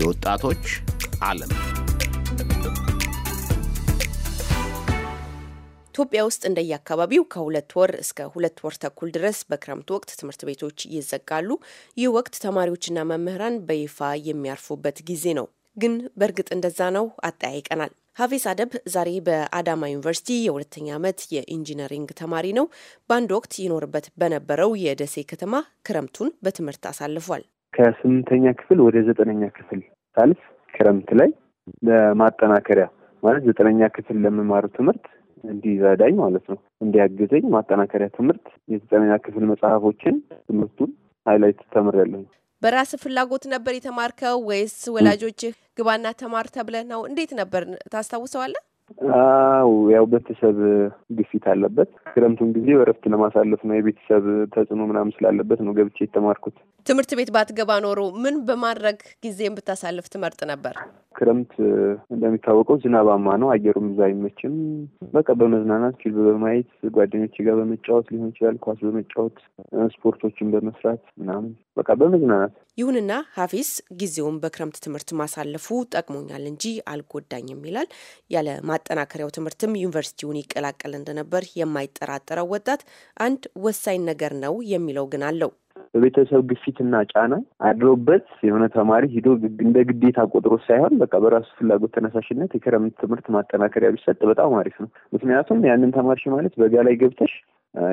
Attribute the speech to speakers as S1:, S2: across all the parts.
S1: የወጣቶች ዓለም
S2: ኢትዮጵያ ውስጥ እንደየአካባቢው ከሁለት ወር እስከ ሁለት ወር ተኩል ድረስ በክረምት ወቅት ትምህርት ቤቶች ይዘጋሉ። ይህ ወቅት ተማሪዎችና መምህራን በይፋ የሚያርፉበት ጊዜ ነው። ግን በእርግጥ እንደዛ ነው? አጠያይቀናል። ሀፌስ አደብ ዛሬ በአዳማ ዩኒቨርሲቲ የሁለተኛ ዓመት የኢንጂነሪንግ ተማሪ ነው። በአንድ ወቅት ይኖርበት በነበረው የደሴ ከተማ ክረምቱን በትምህርት አሳልፏል።
S1: ከስምንተኛ ክፍል ወደ ዘጠነኛ ክፍል ሳልፍ ክረምት ላይ ለማጠናከሪያ ማለት ዘጠነኛ ክፍል ለምማሩ ትምህርት እንዲረዳኝ ማለት ነው እንዲያግዘኝ ማጠናከሪያ ትምህርት የዘጠነኛ ክፍል መጽሐፎችን ትምህርቱን ሀይላይት ተምሬያለሁ።
S2: በራስ ፍላጎት ነበር የተማርከው ወይስ ወላጆችህ ግባና ተማር ተብለ ነው? እንዴት ነበር ታስታውሰዋለህ?
S1: አው ያው ቤተሰብ ግፊት አለበት። ክረምቱን ጊዜ እረፍት ለማሳለፍ ነው። የቤተሰብ ተጽዕኖ ምናምን ስላለበት ነው ገብቼ የተማርኩት።
S2: ትምህርት ቤት ባትገባ ኖሮ ምን በማድረግ ጊዜም ብታሳልፍ ትመርጥ ነበር?
S1: ክረምት እንደሚታወቀው ዝናባማ ነው። አየሩም እዛ አይመችም። በቃ በመዝናናት ፊልም በማየት ጓደኞች ጋር በመጫወት ሊሆን ይችላል፣ ኳስ በመጫወት ስፖርቶችን በመስራት ምናምን በቃ በመዝናናት።
S2: ይሁንና ሀፊስ ጊዜውን በክረምት ትምህርት ማሳለፉ ጠቅሞኛል እንጂ አልጎዳኝም ይላል ያለ ማጠናከሪያው ትምህርትም ዩኒቨርሲቲውን ይቀላቀል እንደነበር የማይጠራጠረው ወጣት አንድ ወሳኝ ነገር ነው የሚለው ግን አለው።
S1: በቤተሰብ ግፊትና ጫና አድሮበት የሆነ ተማሪ ሂዶ እንደ ግዴታ ቆጥሮ ሳይሆን በቃ በራሱ ፍላጎት ተነሳሽነት የክረምት ትምህርት ማጠናከሪያ ቢሰጥ በጣም አሪፍ ነው። ምክንያቱም ያንን ተማርሽ ማለት በጋ ላይ ገብተሽ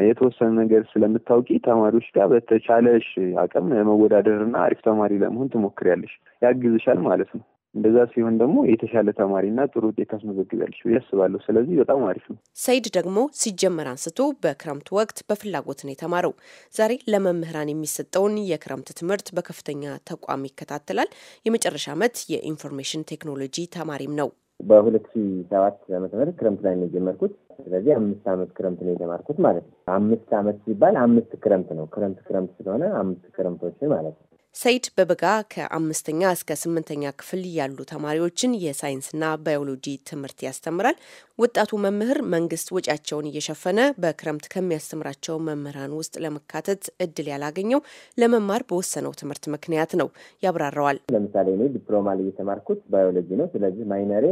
S1: የተወሰነ ነገር ስለምታውቂ ተማሪዎች ጋር በተቻለሽ አቅም ለመወዳደር አሪፍ ተማሪ ለመሆን ትሞክሪያለሽ። ያግዝሻል ማለት ነው። እንደዛ ሲሆን ደግሞ የተሻለ ተማሪና ጥሩ ውጤት ታስመዘግቢያለሽ ብዬ አስባለሁ። ስለዚህ በጣም አሪፍ ነው።
S2: ሰይድ ደግሞ ሲጀመር አንስቶ በክረምት ወቅት በፍላጎት ነው የተማረው። ዛሬ ለመምህራን የሚሰጠውን የክረምት ትምህርት በከፍተኛ ተቋም ይከታተላል። የመጨረሻ ዓመት የኢንፎርሜሽን ቴክኖሎጂ ተማሪም ነው።
S3: በሁለት ሺ ሰባት ዓመተ ምህረት ክረምት ላይ ነው የጀመርኩት። ስለዚህ አምስት ዓመት ክረምት ነው የተማርኩት ማለት ነው። አምስት ዓመት ሲባል አምስት ክረምት ነው። ክረምት ክረምት ስለሆነ አምስት ክረምቶችን ማለት ነው
S2: ሰይድ በበጋ ከአምስተኛ እስከ ስምንተኛ ክፍል ያሉ ተማሪዎችን የሳይንስና ባዮሎጂ ትምህርት ያስተምራል። ወጣቱ መምህር መንግስት ወጪያቸውን እየሸፈነ በክረምት ከሚያስተምራቸው መምህራን ውስጥ ለመካተት እድል ያላገኘው ለመማር በወሰነው ትምህርት ምክንያት ነው። ያብራራዋል።
S3: ለምሳሌ እኔ ዲፕሎማ ላይ የተማርኩት ባዮሎጂ ነው። ስለዚህ ማይነሬ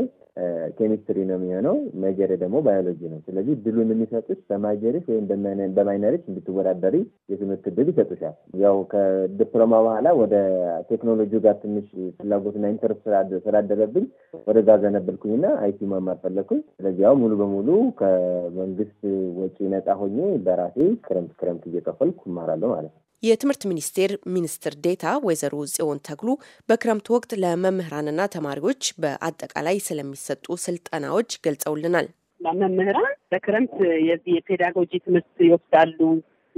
S3: ኬሚስትሪ ነው የሚሆነው። መጀሬ ደግሞ ባዮሎጂ ነው። ስለዚህ ድሉን የሚሰጡሽ በማጀሪሽ ወይም በማይነሪሽ እንድትወዳደሪ የትምህርት ድል ይሰጡሻል። ያው ከዲፕሎማ በኋላ ወደ ቴክኖሎጂ ጋር ትንሽ ፍላጎትና ኢንተረስት ስላደረብኝ ወደዛ ዘነበልኩኝና አይቲ መማር ፈለግኩኝ። ስለዚህ ያው ሙሉ በሙሉ ከመንግስት ወጪ ነፃ ሆኜ በራሴ ክረምት ክረምት እየከፈልኩ እማራለሁ ማለት ነው።
S2: የትምህርት ሚኒስቴር ሚኒስትር ዴታ ወይዘሮ ጽዮን ተግሉ በክረምት ወቅት ለመምህራንና ተማሪዎች በአጠቃላይ ስለሚሰጡ ስልጠናዎች ገልጸውልናል። መምህራን በክረምት የዚህ የፔዳጎጂ ትምህርት ይወስዳሉ፣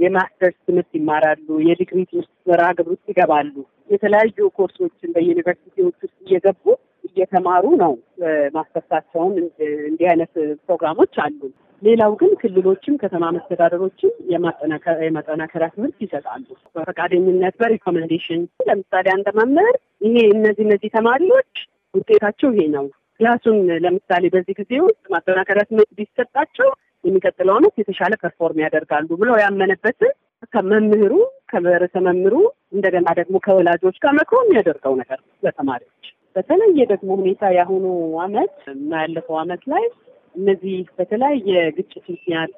S2: የማስተርስ ትምህርት ይማራሉ፣ የዲግሪ ትምህርት
S4: መርሃ ግብር ውስጥ ይገባሉ። የተለያዩ ኮርሶችን በዩኒቨርሲቲዎች ውስጥ እየገቡ እየተማሩ ነው ማስተርሳቸውን። እንዲህ አይነት ፕሮግራሞች አሉ። ሌላው ግን ክልሎችም ከተማ መስተዳደሮችም የማጠናከሪያ ትምህርት ይሰጣሉ። በፈቃደኝነት በሪኮመንዴሽን ለምሳሌ አንድ መምህር ይሄ እነዚህ እነዚህ ተማሪዎች ውጤታቸው ይሄ ነው ክላሱን ለምሳሌ በዚህ ጊዜ ውስጥ ማጠናከሪያ ትምህርት ቢሰጣቸው የሚቀጥለው ዓመት የተሻለ ፐርፎርም ያደርጋሉ ብለው ያመነበትን ከመምህሩ ከርዕሰ መምህሩ እንደገና ደግሞ ከወላጆች ጋር መክሮ የሚያደርገው ነገር ለተማሪዎች በተለየ ደግሞ ሁኔታ የአሁኑ ዓመት እና ያለፈው ዓመት ላይ እነዚህ በተለያየ ግጭት ምክንያት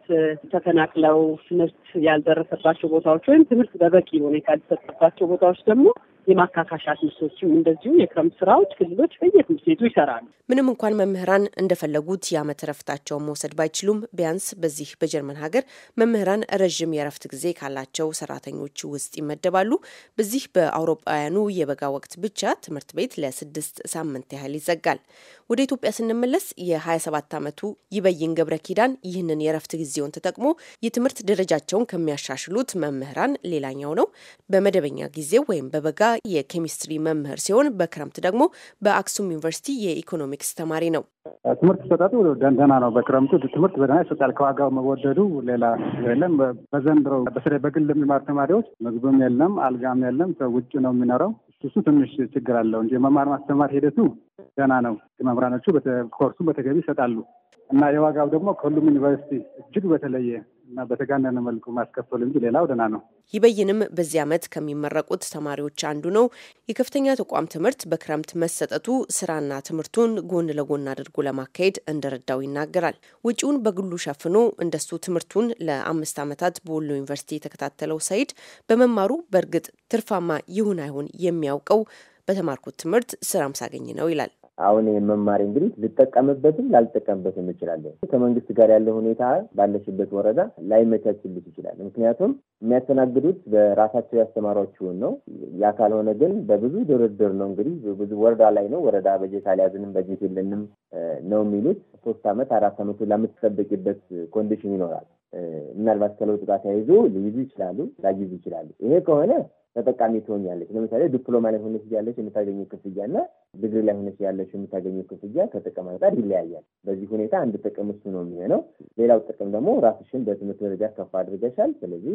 S4: ተፈናቅለው ትምህርት ያልደረሰባቸው ቦታዎች ወይም ትምህርት በበቂ ሁኔታ ያልተሰጠባቸው
S2: ቦታዎች ደግሞ የማካካሻ ትምህርቶችም እንደዚሁ የክረምት ስራዎች ክልሎች በየትምህርት ቤቱ ይሰራሉ። ምንም እንኳን መምህራን እንደፈለጉት የአመት እረፍታቸውን መውሰድ ባይችሉም ቢያንስ በዚህ በጀርመን ሀገር መምህራን ረዥም የእረፍት ጊዜ ካላቸው ሰራተኞች ውስጥ ይመደባሉ። በዚህ በአውሮፓውያኑ የበጋ ወቅት ብቻ ትምህርት ቤት ለስድስት ሳምንት ያህል ይዘጋል። ወደ ኢትዮጵያ ስንመለስ የ27 ዓመቱ ይበይን ገብረ ኪዳን ይህንን የእረፍት ጊዜውን ተጠቅሞ የትምህርት ደረጃቸውን ከሚያሻሽሉት መምህራን ሌላኛው ነው። በመደበኛ ጊዜው ወይም በበጋ የኬሚስትሪ መምህር ሲሆን በክረምት ደግሞ በአክሱም ዩኒቨርሲቲ የኢኮኖሚክስ ተማሪ ነው።
S1: ትምህርት ይሰጣጡ ደንተና ነው። በክረምቱ ትምህርት በደህና ይሰጣል። ከዋጋው መወደዱ ሌላ የለም። በዘንድሮው በተለይ በግል ለሚማር ተማሪዎች ምግብም የለም፣ አልጋም የለም። ሰው ውጭ ነው የሚኖረው። እሱ ትንሽ ችግር አለው እንጂ መማር ማስተማር ሂደቱ ደህና ነው። መምህራኖቹ ኮርሱም በተገቢ ይሰጣሉ እና የዋጋው ደግሞ ከሁሉም ዩኒቨርሲቲ እጅግ በተለየ እና
S2: በተጋነነ መልኩ ማስከፈሉ እንጂ ሌላው ደህና ነው። ይበይንም በዚህ ዓመት ከሚመረቁት ተማሪዎች አንዱ ነው። የከፍተኛ ተቋም ትምህርት በክረምት መሰጠቱ ስራና ትምህርቱን ጎን ለጎን አድርጎ ለማካሄድ እንደረዳው ይናገራል። ውጪውን በግሉ ሸፍኖ እንደሱ ትምህርቱን ለአምስት ዓመታት በወሎ ዩኒቨርሲቲ የተከታተለው ሰይድ በመማሩ በእርግጥ ትርፋማ ይሁን አይሁን የሚያውቀው በተማርኩት ትምህርት ስራም ሳገኝ ነው ይላል።
S3: አሁን የመማሪ እንግዲህ ልጠቀምበትም ላልጠቀምበትም እችላለሁ። ከመንግስት ጋር ያለ ሁኔታ ባለሽበት ወረዳ ላይመቻችልሽ ይችላል። ምክንያቱም የሚያስተናግዱት በራሳቸው ያስተማሯችሁን ነው። ያ ካልሆነ ግን በብዙ ድርድር ነው እንግዲህ ብዙ ወረዳ ላይ ነው ወረዳ በጀት አልያዝንም በጀት የለንም ነው የሚሉት። ሶስት አመት አራት አመቱ ለምትጠበቂበት ኮንዲሽን ይኖራል። ምናልባት ከለውጥ ጋር ተያይዞ ሊይዙ ይችላሉ፣ ላይይዙ ይችላሉ። ይሄ ከሆነ ተጠቃሚ ትሆኛለች። ለምሳሌ ዲፕሎማ ላይ ሆነሽ ያለሽ የምታገኘው ክፍያ እና ድግሪ ላይ ሆነሽ ያለሽ የምታገኘው ክፍያ ከጥቅም አንጻር ይለያያል። በዚህ ሁኔታ አንድ ጥቅም እሱ ነው የሚሆነው። ሌላው ጥቅም ደግሞ ራስሽን በትምህርት ደረጃ ከፍ አድርገሻል። ስለዚህ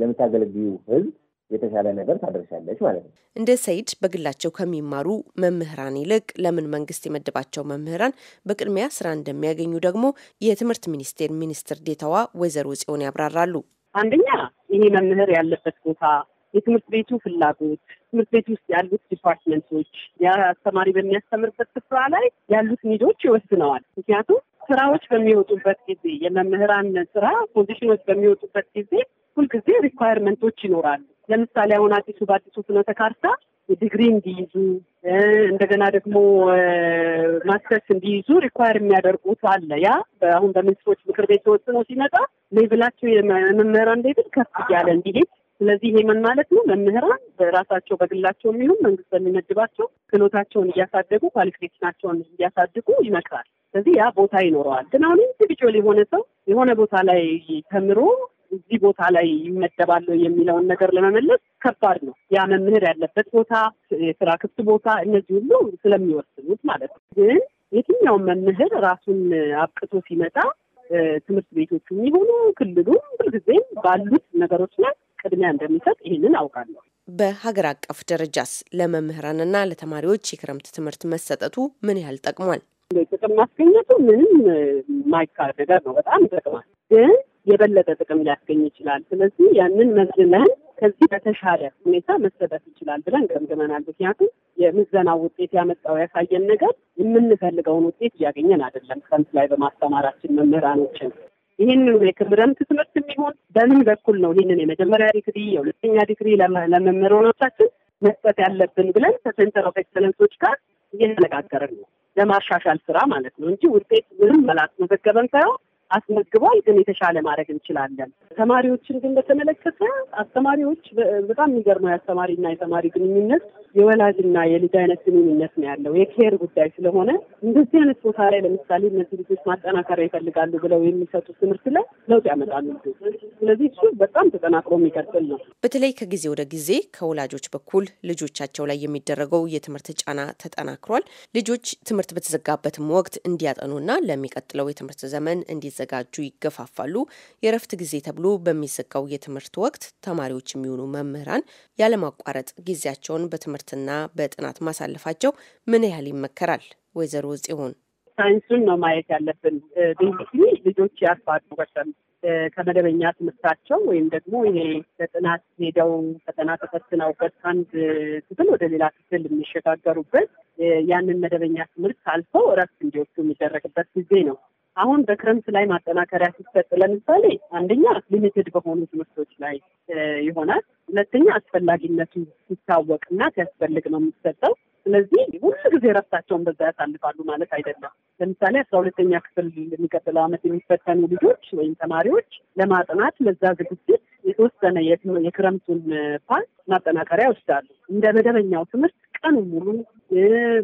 S3: ለምታገለግዩ ህዝብ የተሻለ ነገር ታደርሻለች ማለት ነው።
S2: እንደ ሰይድ በግላቸው ከሚማሩ መምህራን ይልቅ ለምን መንግስት የመደባቸው መምህራን በቅድሚያ ስራ እንደሚያገኙ ደግሞ የትምህርት ሚኒስቴር ሚኒስትር ዴታዋ ወይዘሮ ጽዮን ያብራራሉ። አንደኛ ይሄ መምህር ያለበት ቦታ
S4: የትምህርት ቤቱ ፍላጎት፣ ትምህርት ቤት ውስጥ ያሉት ዲፓርትመንቶች፣ አስተማሪ በሚያስተምርበት ስፍራ ላይ ያሉት ኒዶች ይወስነዋል። ምክንያቱም ስራዎች በሚወጡበት ጊዜ የመምህራን ስራ ፖዚሽኖች በሚወጡበት ጊዜ ሁልጊዜ ሪኳየርመንቶች ይኖራሉ። ለምሳሌ አሁን አዲሱ በአዲሱ ፍኖተ ካርታ ዲግሪ እንዲይዙ እንደገና ደግሞ ማስተርስ እንዲይዙ ሪኳየር የሚያደርጉት አለ። ያ አሁን በሚኒስትሮች ምክር ቤት ተወስኖ ሲመጣ ሌቭላቸው የመምህራን ሌቭል ከፍ እያለ እንዲሄድ ስለዚህ ይሄ ምን ማለት ነው? መምህራን በራሳቸው በግላቸው የሚሆን መንግስት በሚመድባቸው ክህሎታቸውን እያሳደጉ ኳሊፊኬሽናቸውን እያሳድጉ ይመክራል። ስለዚህ ያ ቦታ ይኖረዋል። ግን አሁን ኢንዲቪጁዋል የሆነ ሰው የሆነ ቦታ ላይ ተምሮ እዚህ ቦታ ላይ ይመደባለሁ የሚለውን ነገር ለመመለስ ከባድ ነው። ያ መምህር ያለበት ቦታ፣ የስራ ክፍት ቦታ፣ እነዚህ ሁሉ ስለሚወስኑት ማለት ነው። ግን የትኛውም መምህር ራሱን አብቅቶ ሲመጣ ትምህርት ቤቶቹ የሚሆኑ ክልሉም ሁልጊዜም ባሉት ነገሮች ላይ ቅድሚያ እንደሚሰጥ ይህንን አውቃለሁ።
S2: በሀገር አቀፍ ደረጃስ ለመምህራንና ለተማሪዎች የክረምት ትምህርት መሰጠቱ ምን ያህል ጠቅሟል? ጥቅም ማስገኘቱ ምንም ማይካድ ነገር ነው። በጣም ይጠቅማል፣
S4: ግን የበለጠ ጥቅም ሊያስገኝ ይችላል። ስለዚህ ያንን መዝነን ከዚህ በተሻለ ሁኔታ መሰጠት ይችላል ብለን ገምግመናል። ምክንያቱም የምዘና ውጤት ያመጣው ያሳየን ነገር የምንፈልገውን ውጤት እያገኘን አይደለም። ክረምት ላይ በማስተማራችን መምህራኖችን ይህንን የክረምት ትምህርት የሚሆን በምን በኩል ነው ይህንን የመጀመሪያ ዲግሪ የሁለተኛ ዲግሪ ለመምህራኖቻችን መስጠት ያለብን ብለን ከሴንተር ኦፍ ኤክሰለንሶች ጋር እየተነጋገርን ነው። ለማሻሻል ስራ ማለት ነው እንጂ ውጤት ምንም መላጥ መዘገበን ሳይሆን አስመዝግቧል። ግን የተሻለ ማድረግ እንችላለን። ተማሪዎችን ግን በተመለከተ አስተማሪዎች በጣም የሚገርመው የአስተማሪና የተማሪ ግንኙነት የወላጅና የልጅ አይነት ግንኙነት ነው ያለው። የኬር ጉዳይ ስለሆነ እንደዚህ አይነት ቦታ ላይ ለምሳሌ እነዚህ ልጆች ማጠናከሪያ ይፈልጋሉ ብለው የሚሰጡ ትምህርት
S2: ላይ ለውጥ ያመጣሉ። ስለዚህ እሱ በጣም ተጠናክሮ የሚቀጥል ነው። በተለይ ከጊዜ ወደ ጊዜ ከወላጆች በኩል ልጆቻቸው ላይ የሚደረገው የትምህርት ጫና ተጠናክሯል። ልጆች ትምህርት በተዘጋበትም ወቅት እንዲያጠኑና ለሚቀጥለው የትምህርት ዘመን እንዲ እንዲዘጋጁ ይገፋፋሉ። የእረፍት ጊዜ ተብሎ በሚዘጋው የትምህርት ወቅት ተማሪዎች የሚሆኑ መምህራን ያለማቋረጥ ጊዜያቸውን በትምህርትና በጥናት ማሳለፋቸው ምን ያህል ይመከራል? ወይዘሮ ጽዮን ሳይንሱን ነው ማየት ያለብን። ልጆች ያርፋሉ
S4: በሰም ከመደበኛ ትምህርታቸው ወይም ደግሞ ይሄ በጥናት ሄደው ፈተና ተፈትነውበት አንድ ክፍል ወደ ሌላ ክፍል የሚሸጋገሩበት ያንን መደበኛ ትምህርት አልፈው እረፍት እንዲወስዱ የሚደረግበት ጊዜ ነው። አሁን በክረምት ላይ ማጠናከሪያ ሲሰጥ ለምሳሌ አንደኛ ሊሚትድ በሆኑ ትምህርቶች ላይ ይሆናል። ሁለተኛ አስፈላጊነቱ ሲታወቅ እና ሲያስፈልግ ነው የሚሰጠው። ስለዚህ ሁሉ ጊዜ ረፍታቸውን በዛ ያሳልፋሉ ማለት አይደለም። ለምሳሌ አስራ ሁለተኛ ክፍል የሚቀጥለው ዓመት የሚፈተኑ ልጆች ወይም ተማሪዎች ለማጥናት ለዛ ዝግጅት የተወሰነ የክረምቱን ፓርት ማጠናከሪያ ይወስዳሉ። እንደ መደበኛው ትምህርት ቀኑ ሙሉ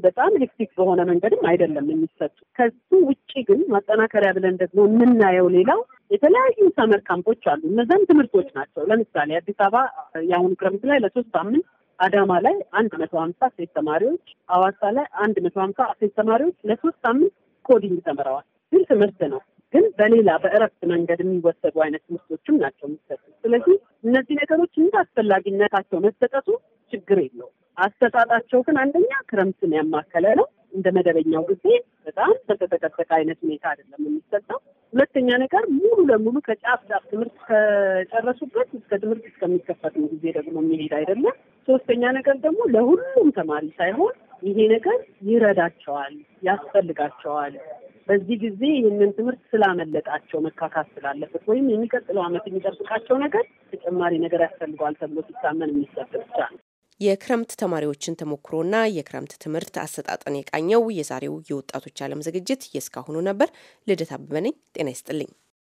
S4: በጣም ሄክቲክ በሆነ መንገድም አይደለም የሚሰጡ። ከሱ ውጭ ግን ማጠናከሪያ ብለን ደግሞ የምናየው ሌላው የተለያዩ ሰመር ካምፖች አሉ። እነዚያም ትምህርቶች ናቸው። ለምሳሌ አዲስ አበባ የአሁኑ ክረምት ላይ ለሶስት ሳምንት አዳማ ላይ አንድ መቶ ሀምሳ ሴት ተማሪዎች፣ አዋሳ ላይ አንድ መቶ ሀምሳ ሴት ተማሪዎች ለሶስት ሳምንት ኮዲንግ ተምረዋል። ግን ትምህርት ነው፣ ግን በሌላ በእረፍት መንገድ የሚወሰዱ አይነት ትምህርቶችም ናቸው የሚሰጡ። ስለዚህ እነዚህ ነገሮች እንደ አስፈላጊነታቸው መሰጠቱ ችግር የለውም። አሰጣጣቸው ግን አንደኛ ክረምትን ያማከለ ነው። እንደ መደበኛው ጊዜ በጣም በተጠቀጠቀ አይነት ሁኔታ አይደለም የሚሰጠው። ሁለተኛ ነገር ሙሉ ለሙሉ ከጫፍ ጫፍ ትምህርት ከጨረሱበት እስከ ትምህርት እስከሚከፈትም ጊዜ ደግሞ የሚሄድ አይደለም። ሶስተኛ ነገር ደግሞ ለሁሉም ተማሪ ሳይሆን ይሄ ነገር ይረዳቸዋል፣ ያስፈልጋቸዋል። በዚህ ጊዜ ይህንን ትምህርት ስላመለጣቸው መካካት ስላለበት ወይም የሚቀጥለው ዓመት የሚጠብቃቸው ነገር ተጨማሪ ነገር ያስፈልገዋል ተብሎ ሲታመን የሚሰጥ ብቻ ነው።
S2: የክረምት ተማሪዎችን ተሞክሮና የክረምት ትምህርት አሰጣጠን የቃኘው የዛሬው የወጣቶች ዓለም ዝግጅት የእስካሁኑ ነበር። ልደት አበበ ነኝ። ጤና ይስጥልኝ።